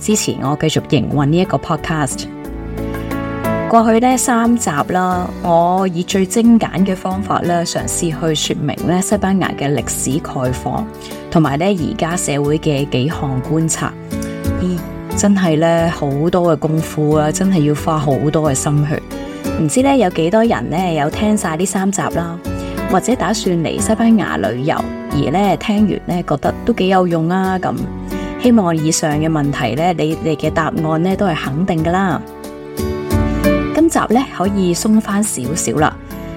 支持我繼續營運呢一個 podcast。過去呢三集啦，我以最精簡嘅方法咧，嘗試去說明咧西班牙嘅歷史概況，同埋咧而家社會嘅幾項觀察。咦，真係咧好多嘅功夫呀，真係要花好多嘅心血。唔知咧有幾多人咧有聽晒呢三集啦，或者打算嚟西班牙旅遊而咧聽完咧覺得都幾有用啊咁。希望以上嘅問題呢，你哋嘅答案呢都係肯定㗎啦。今集呢，可以鬆返少少啦。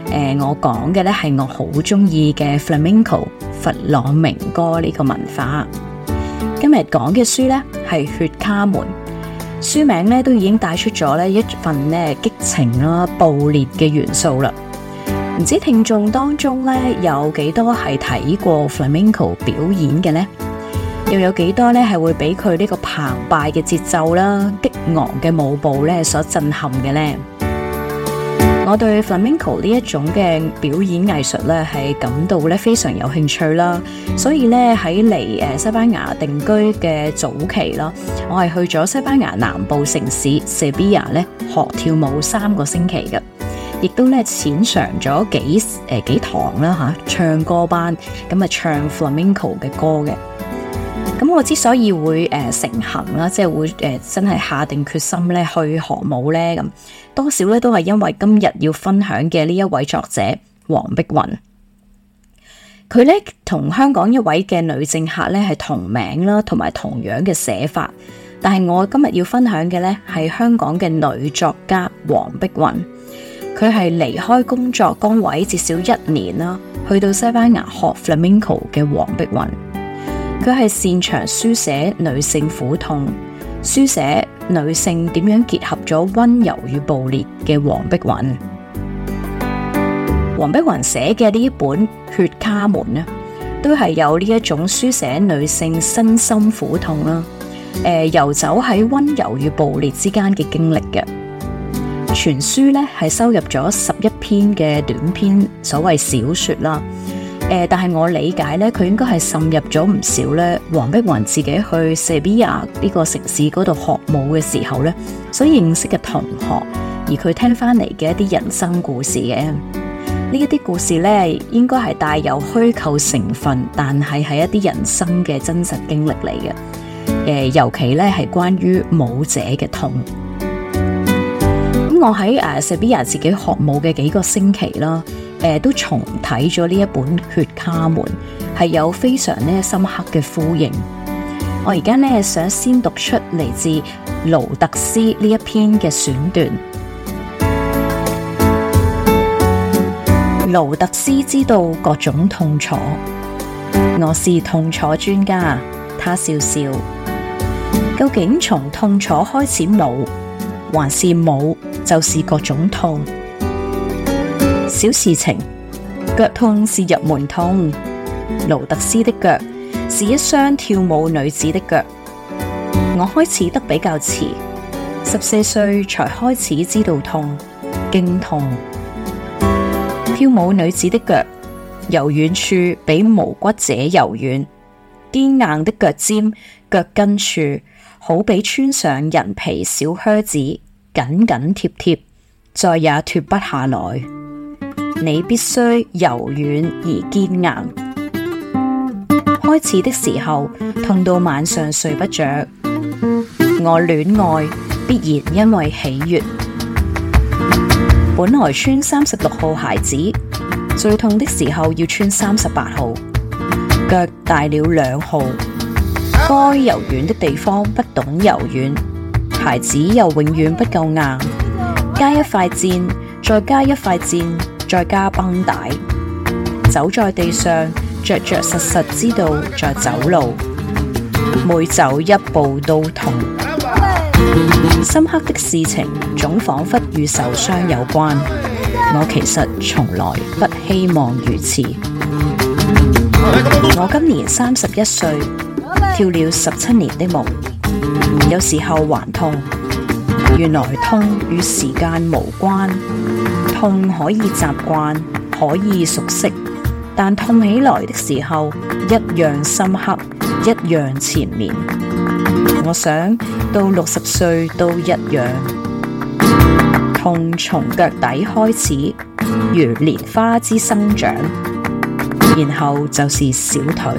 誒、呃，我講嘅呢係我好鍾意嘅 Flamenco 佛朗明哥呢個文化。今日講嘅書呢係血卡門，書名呢都已經帶出咗呢一份激情啦、暴烈嘅元素啦。唔知聽眾當中呢，有幾多係睇過 Flamenco 表演嘅呢？又有幾多咧，係會俾佢呢個澎湃嘅節奏啦、激昂嘅舞步咧所震撼嘅咧？我對 flamenco 呢一種嘅表演藝術咧係感到咧非常有興趣啦。所以咧喺嚟誒西班牙定居嘅早期啦，我係去咗西班牙南部城市 s 塞維亞咧學跳舞三個星期嘅，亦都咧淺嘗咗幾誒幾堂啦吓、啊、唱歌班，咁啊唱 flamenco 嘅歌嘅。咁、嗯、我之所以會誒、呃、成行啦，即係會誒、呃、真係下定決心咧去學舞咧咁，多少咧都係因為今日要分享嘅呢一位作者黃碧雲，佢咧同香港一位嘅女政客咧係同名啦，同埋同樣嘅寫法，但係我今日要分享嘅咧係香港嘅女作家黃碧雲，佢係離開工作崗位至少一年啦，去到西班牙學 flamenco 嘅黃碧雲。佢係擅長書寫女性苦痛，書寫女性點樣結合咗溫柔與暴烈嘅黃碧雲。黃碧雲寫嘅呢一本《血卡門》呢，都係有呢一種書寫女性身心苦痛啦，誒、呃，遊走喺溫柔與暴烈之間嘅經歷嘅。全書咧係收入咗十一篇嘅短篇所謂小說啦。呃、但係我理解呢，佢應該係滲入咗唔少呢，黃碧雲自己去塞比亞呢個城市嗰度學舞嘅時候呢所認識嘅同學，而佢聽翻嚟嘅一啲人生故事嘅，呢一啲故事呢應該係帶有虛構成分，但係係一啲人生嘅真實經歷嚟嘅，呃。尤其呢係關於舞者嘅痛。咁、嗯、我喺誒塞比亞自己學舞嘅幾個星期啦。誒，都重睇咗呢一本《血卡門》，係有非常深刻嘅呼應。我而家呢，想先讀出嚟自盧特斯呢一篇嘅選段。盧特斯知道各種痛楚，我是痛楚專家。他笑笑，究竟從痛楚開始冇，還是冇就是各種痛？小事情，腳痛是入門痛。勞特斯的腳是一雙跳舞女子的腳，我開始得比較遲，十四歲才開始知道痛，驚痛。跳舞女子的腳，柔軟處比無骨者柔軟，堅硬的腳尖、腳跟處，好比穿上人皮小靴子，緊緊貼貼，再也脫不下來。你必須柔軟而堅硬。開始的時候痛到晚上睡不着。我戀愛必然因為喜悅。本來穿三十六號鞋子，最痛的時候要穿三十八號，腳大了兩號。該柔軟的地方不懂柔軟，鞋子又永遠不夠硬。加一塊墊，再加一塊墊。再加繃帶，走在地上，着着實實知道在走路，每走一步都痛。嗯、深刻的事情總仿佛與受傷有關，嗯嗯嗯、我其實從來不希望如此。嗯嗯嗯、我今年三十一歲，嗯嗯、跳了十七年的舞，有時候還痛。原來痛與時間無關。痛可以習慣，可以熟悉，但痛起來的時候，一樣深刻，一樣纏綿。我想到六十歲都一樣，痛從腳底開始，如蓮花之生長，然後就是小腿。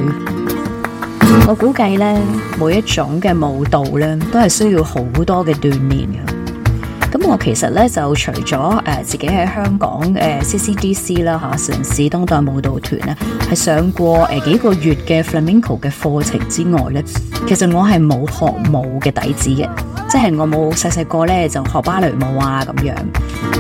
我估計呢，每一種嘅舞蹈呢，都係需要好多嘅鍛煉。咁我其實咧就除咗誒、呃、自己喺香港誒、呃、CCDC 啦、啊、嚇城市當代舞蹈團咧係上過誒、呃、幾個月嘅 Flamenco 嘅課程之外咧，其實我係冇學舞嘅底子嘅，即係我冇細細個咧就學芭蕾舞啊咁樣。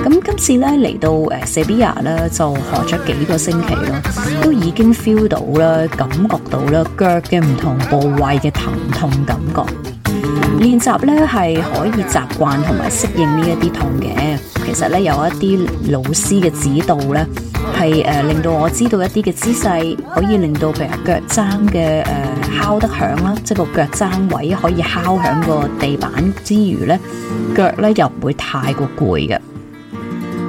咁今次咧嚟到誒 Sevilla 咧就學咗幾個星期咯，都已經 feel 到啦，感覺到啦腳嘅唔同部位嘅疼痛感覺。練習咧係可以習慣同埋適應呢一啲痛嘅。其實咧有一啲老師嘅指導咧係誒令到我知道一啲嘅姿勢，可以令到譬如腳踭嘅誒敲得響啦，即係個腳踭位可以敲響個地板之餘咧，腳咧又唔會太過攰嘅。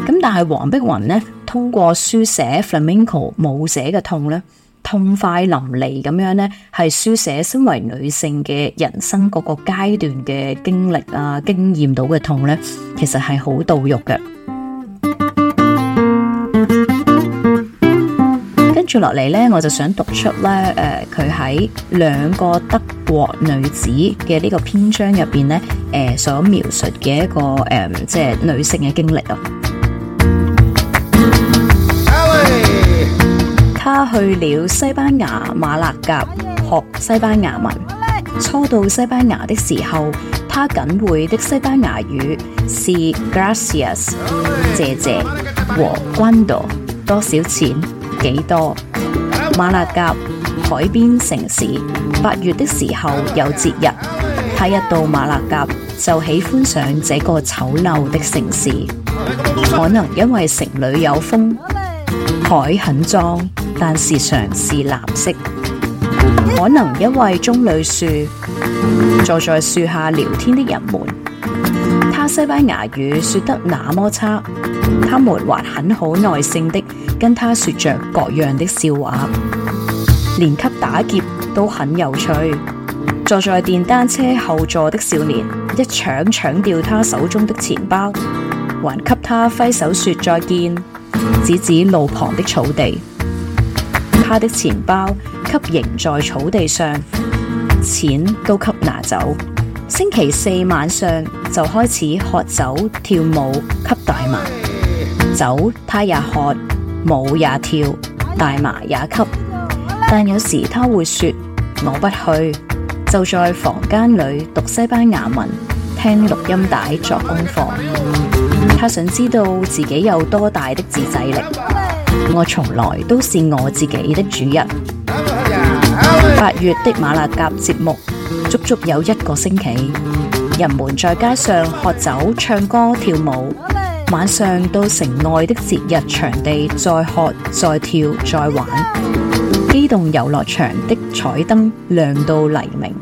咁但係黃碧雲咧，通過書寫 Flamenco 舞寫嘅痛咧，痛快淋漓咁樣咧，係書寫身為女性嘅人生各個階段嘅經歷啊，經驗到嘅痛咧，其實係好到肉嘅。跟住落嚟咧，我就想讀出咧，誒、呃，佢喺兩個德國女子嘅呢個篇章入邊咧，誒、呃，所描述嘅一個誒、呃，即係女性嘅經歷啊。他去了西班牙馬拉甲學西班牙文。初到西班牙的時候，他僅會的西班牙語是、si, “gracias” 謝謝和 cuánto 多少錢幾多。馬拉甲海邊城市，八月的時候有節日。他一到馬拉甲就喜歡上這個醜陋的城市，可能因為城裏有風，海很髒。但時常是藍色，可能因為棕櫚樹。坐在樹下聊天的人們，他西班牙語說得那麼差，他們還很好耐性的跟他說着各樣的笑話，連給打劫都很有趣。坐在電單車後座的少年，一搶搶掉他手中的錢包，還給他揮手說再見，指指路旁的草地。他的錢包給扔在草地上，錢都給拿走。星期四晚上就開始喝酒跳舞，吸大麻。酒他也喝，舞也跳，大麻也吸。但有時他會說：我不去，就在房間裏讀西班牙文，聽錄音帶作功課。他想知道自己有多大的自制力。我從來都是我自己的主人。八月的馬拉加節目足足有一個星期，人們在街上喝酒、唱歌、跳舞，晚上到城外的節日場地再喝、再跳、再玩。機動遊樂場的彩燈亮到黎明。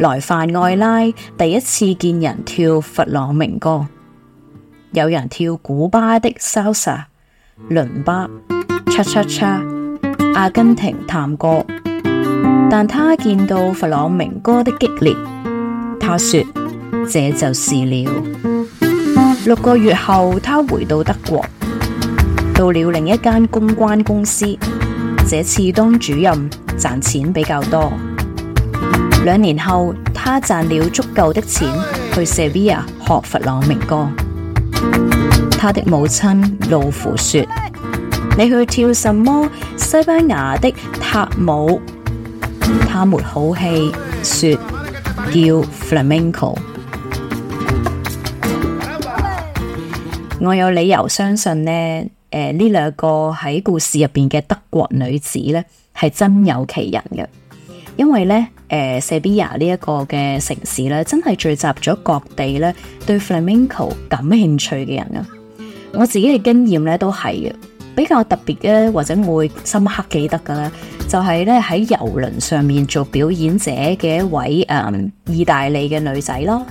來凡外拉第一次見人跳佛朗明哥，有人跳古巴的 salsa。倫巴，恰恰恰，cha，阿根廷探戈。但他見到佛朗明哥的激烈，他說這就是了。六個月後，他回到德國，到了另一間公關公司，這次當主任，賺錢比較多。兩年後，他賺了足夠的錢去 Sevilla 學佛朗明哥。他的母親老婦說：你去跳什麼西班牙的塔舞？他沒好氣說：叫 flamenco。 我有理由相信咧，誒呢兩個喺故事入邊嘅德國女子咧，係真有其人嘅，因為咧，誒塞比亞呢一個嘅城市咧，真係聚集咗各地咧對 flamenco 感興趣嘅人啊！我自己嘅經驗咧，都係嘅比較特別嘅，或者我會深刻記得嘅咧，就係咧喺遊輪上面做表演者嘅一位誒、嗯、意大利嘅女仔咯。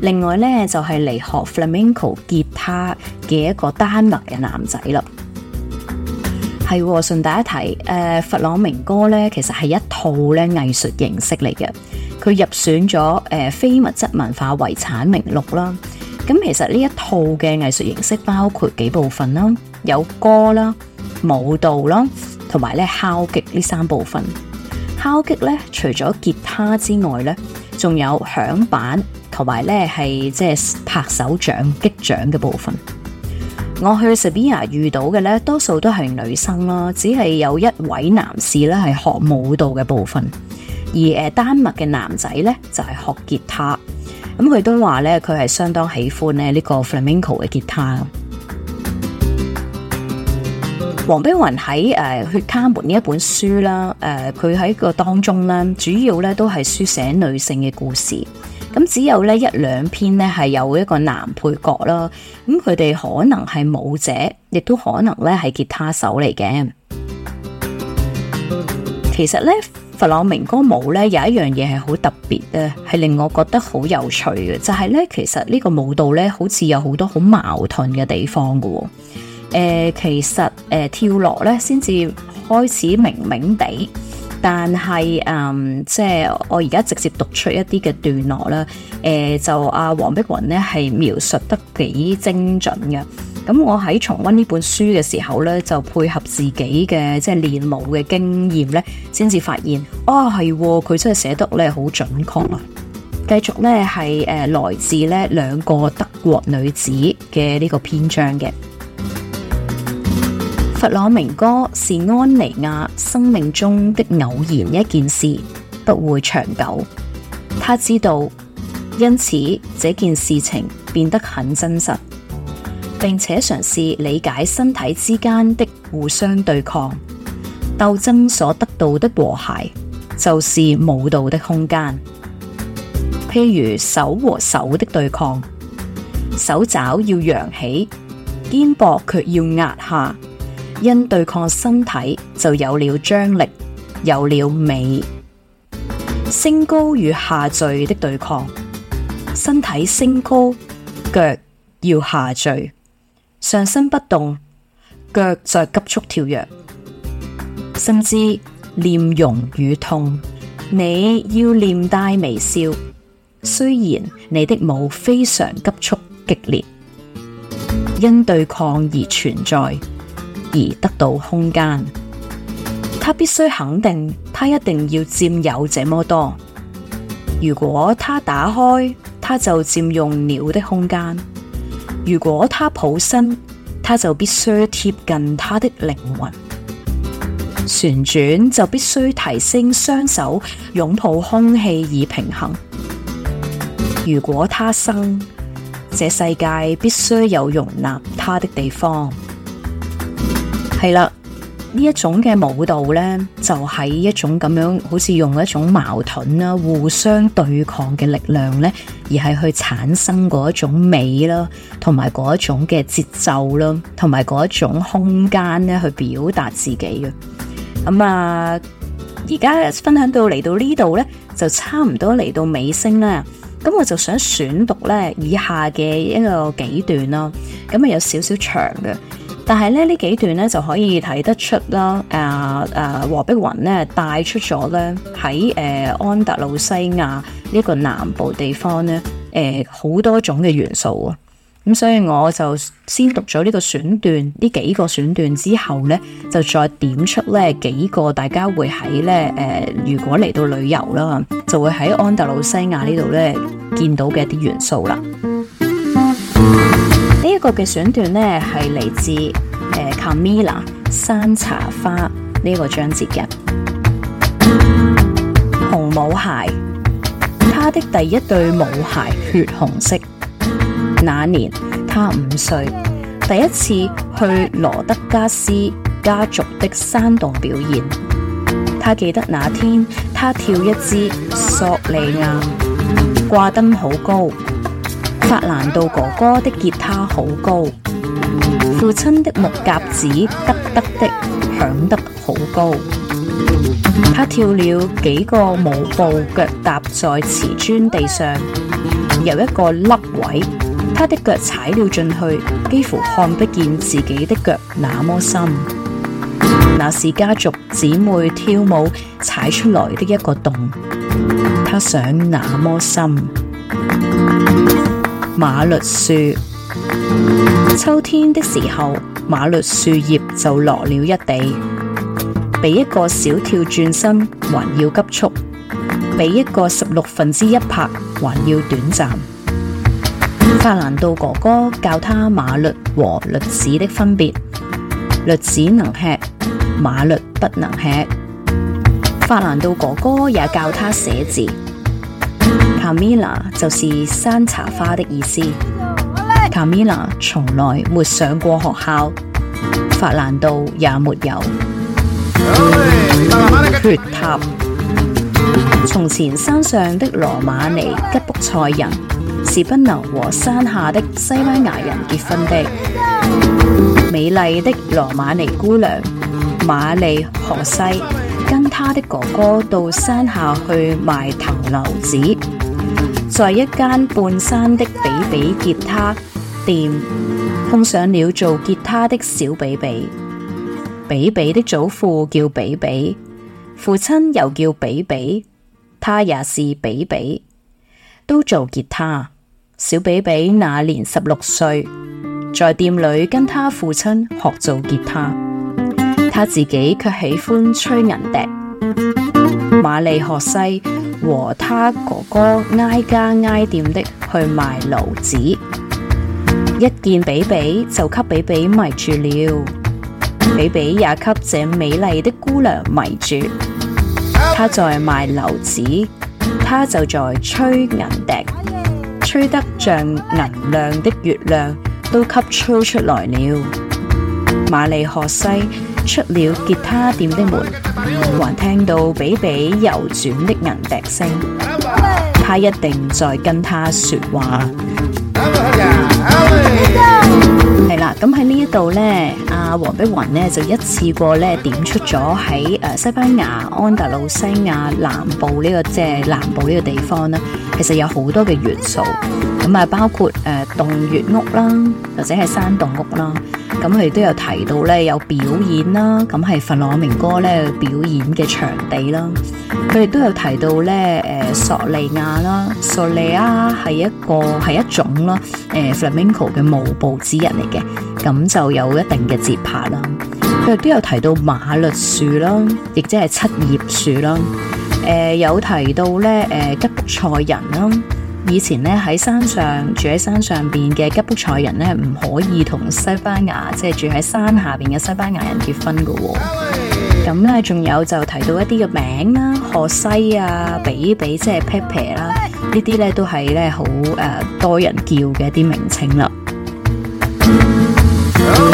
另外咧就係、是、嚟學 flamenco 吉他嘅一個丹麥嘅男仔啦。係順帶一提，誒、呃、佛朗明哥咧其實係一套咧藝術形式嚟嘅，佢入選咗誒、呃、非物質文化遺產名錄啦。咁其實呢一套嘅藝術形式包括幾部分啦，有歌啦、舞蹈啦，同埋咧敲擊呢三部分。敲擊咧，除咗吉他之外咧，仲有響板，同埋咧係即係拍手掌、擊掌嘅部分。我去 Sevilla 遇到嘅咧，多數都係女生啦，只係有一位男士咧係學舞蹈嘅部分，而誒丹麥嘅男仔咧就係、是、學吉他。咁佢都話咧，佢係相當喜歡咧呢個 flamenco 嘅吉他。黃碧雲喺誒《血卡門》呢一本書啦，誒佢喺個當中咧，主要咧都係書寫女性嘅故事。咁只有呢一兩篇呢係有一個男配角啦。咁佢哋可能係舞者，亦都可能咧係吉他手嚟嘅。其實咧。佛朗明哥舞咧，有一樣嘢係好特別咧，係令我覺得好有趣嘅，就係、是、咧其實呢個舞蹈咧好似有好多好矛盾嘅地方噶、哦。誒、呃，其實誒、呃、跳落咧先至開始明明地，但係誒、嗯、即係我而家直接讀出一啲嘅段落啦。誒、呃，就阿、啊、黃碧雲咧係描述得幾精準嘅。咁我喺重温呢本書嘅時候呢就配合自己嘅即係練舞嘅經驗呢先至發現啊係，佢、哦、真係寫得呢好準確啊！繼續呢係誒、呃，來自呢兩個德國女子嘅呢個篇章嘅。佛朗明哥是安妮亞生命中的偶然一件事，不會長久。他知道，因此這件事情變得很真實。並且嘗試理解身體之間的互相對抗鬥爭所得到的和諧，就是舞蹈的空間。譬如手和手的對抗，手爪要揚起，肩膊卻要壓下，因對抗身體就有了張力，有了美。升高與下墜的對抗，身體升高，腳要下墜。上身不動，腳在急速跳躍，甚至臉容與痛。你要臉帶微笑，雖然你的舞非常急速激烈，因對抗而存在而得到空間。他必須肯定，他一定要佔有這麼多。如果他打開，他就佔用鳥的空間。如果他抱身，他就必須貼近他的靈魂；旋轉就必須提升雙手，擁抱空氣以平衡。如果他生，這世界必須有容納他的地方。係啦。呢一種嘅舞蹈呢，就係、是、一種咁樣，好似用一種矛盾啦，互相對抗嘅力量呢，而係去產生嗰一種美啦，同埋嗰一種嘅節奏啦，同埋嗰一種空間咧，去表達自己嘅。咁、嗯、啊，而家分享到嚟到呢度呢，就差唔多嚟到尾聲啦。咁、嗯、我就想選讀呢以下嘅一個幾段咯，咁、嗯、啊有少少長嘅。但係咧，呢幾段咧就可以睇得出啦，啊啊，黃碧雲咧帶出咗咧喺誒安達魯西亞呢個南部地方咧，誒、呃、好多種嘅元素啊，咁、嗯、所以我就先讀咗呢個選段，呢幾個選段之後咧，就再點出咧幾個大家會喺咧誒，如果嚟到旅遊啦，就會喺安達魯西亞呢度咧見到嘅一啲元素啦。個嘅選段呢係嚟自卡米 a 山茶花呢個章節嘅紅舞鞋。她的第一對舞鞋血紅色。那年她五歲，第一次去羅德加斯家族的山洞表演。她記得那天，她跳一支索利亞，掛燈好高。法蘭道哥哥的吉他好高，父親的木夾子得得的響得好高。他跳了幾個舞步，腳踏在瓷磚地上，有一個凹位，他的腳踩了進去，幾乎看不見自己的腳那麼深。那是家族姊妹跳舞踩出來的一個洞，他想那麼深。馬栗樹，秋天的時候，馬栗樹葉就落了一地，比一個小跳轉身還要急速，比一個十六分之一拍還要短暫。法蘭道哥哥教他馬栗和栗子的分別，栗子能吃，馬栗不能吃。法蘭道哥哥也教他寫字。卡米 m l a 就是山茶花的意思。卡米 m i l a 從來沒上過學校，法蘭道也沒有。 血塔，從前山上的羅馬尼吉卜塞人是不能和山下的西班牙人結婚的。美麗的羅馬尼姑娘瑪麗荷西。跟他的哥哥到山下去賣藤樓子，在一間半山的比比吉他店，碰上了做吉他的小比比。比比的祖父叫比比，父親又叫比比，他也是比比，都做吉他。小比比那年十六歲，在店裏跟他父親學做吉他。他自己卻喜歡吹銀笛，瑪麗荷西和他哥哥挨家挨店的去賣爐子，一見比比就給比比迷住了，比比也給這美麗的姑娘迷住。他在賣爐子，他就在吹銀笛，吹得像銀亮的月亮都給吹出來了。瑪麗荷西。出了吉他店的門。咁啊，包括誒洞穴屋啦，或者係山洞屋啦。咁佢哋都有提到咧有表演啦，咁係佛朗明哥咧表演嘅場地啦。佢哋都有提到咧誒索利亞啦，索利亞係一個係一種啦，誒佛朗明哥嘅舞步之一嚟嘅，咁就有一定嘅節拍啦。佢哋都有提到馬栗樹啦，亦即係七葉樹啦。誒有提到咧誒吉卜賽人啦。以前咧喺山上住喺山上邊嘅吉卜賽人咧唔可以同西班牙即係、就是、住喺山下邊嘅西班牙人結婚嘅、哦。咁咧仲有就提到一啲嘅名啦，何西啊、比比即係 Pepe 啦，呢啲咧都係咧好誒、呃、多人叫嘅一啲名稱啦。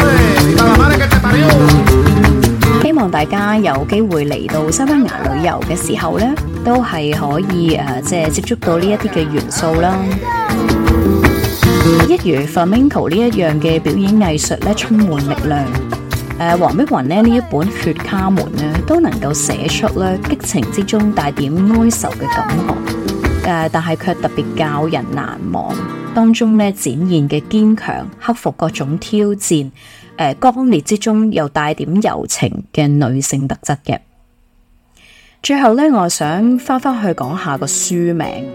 希望大家有機會嚟到西班牙旅遊嘅時候咧。都係可以誒、啊，即係接觸到呢一啲嘅元素啦。 一如《Flamenco》呢一樣嘅表演藝術咧，充滿力量。誒、呃，黃碧雲咧呢一本《血卡門》咧，都能夠寫出咧激情之中帶點哀愁嘅感覺。誒、呃，但係卻特別教人難忘，當中咧展現嘅堅強、克服各種挑戰、誒、呃、剛烈之中又帶點柔情嘅女性特質嘅。最後咧，我想返返去講下個書名。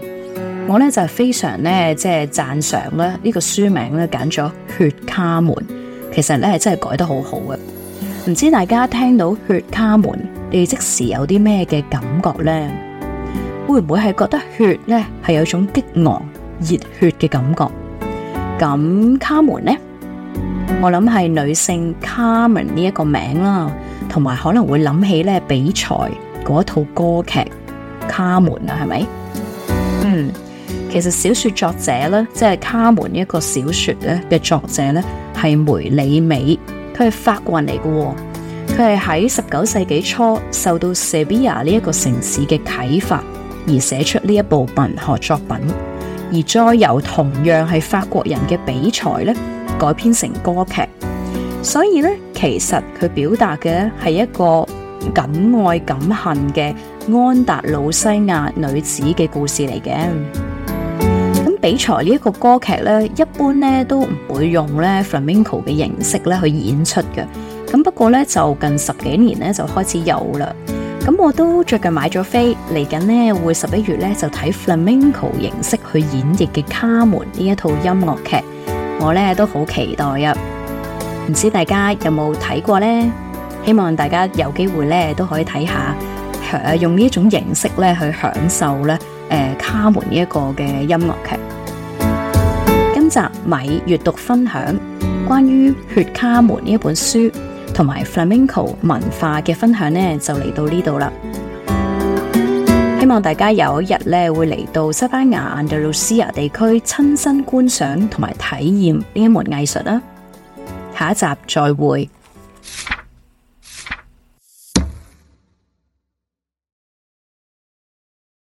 我咧就非常咧，即係讚賞咧呢個書名咧揀咗《血卡門》，其實咧係真係改得好好嘅。唔知大家聽到《血卡門》，你即時有啲咩嘅感覺咧？會唔會係覺得血咧係有種激昂熱血嘅感覺？咁卡門咧，我諗係女性卡門呢一個名啦，同埋可能會諗起咧比賽。嗰套歌劇《卡門》啊，係咪？嗯，其實小說作者呢，即係《卡門》呢一個小說咧嘅作者呢，係梅里美，佢係法國人嚟嘅。佢係喺十九世紀初受到塞維亞呢一個城市嘅啟發，而寫出呢一部文學作品。而再由同樣係法國人嘅比才呢，改編成歌劇，所以呢，其實佢表達嘅係一個。敢愛敢恨嘅安達魯西亞女子嘅故事嚟嘅，咁比賽呢一個歌劇呢，一般呢都唔會用咧 Flamenco 嘅形式咧去演出嘅，咁不過咧就近十幾年咧就開始有啦，咁我都最近買咗飛，嚟緊呢會十一月咧就睇 Flamenco 形式去演繹嘅卡門呢一套音樂劇，我咧都好期待啊，唔知大家有冇睇過呢？希望大家有機會咧都可以睇下，用呢一種形式咧去享受咧誒、呃、卡門呢一個嘅音樂劇。今集米閱讀分享關於《血卡門》呢一本書同埋 Flamenco 文化嘅分享咧，就嚟到呢度啦。希望大家有一日咧會嚟到西班牙 Andalusia 地區，親身觀賞同埋體驗呢一門藝術啦。下一集再會。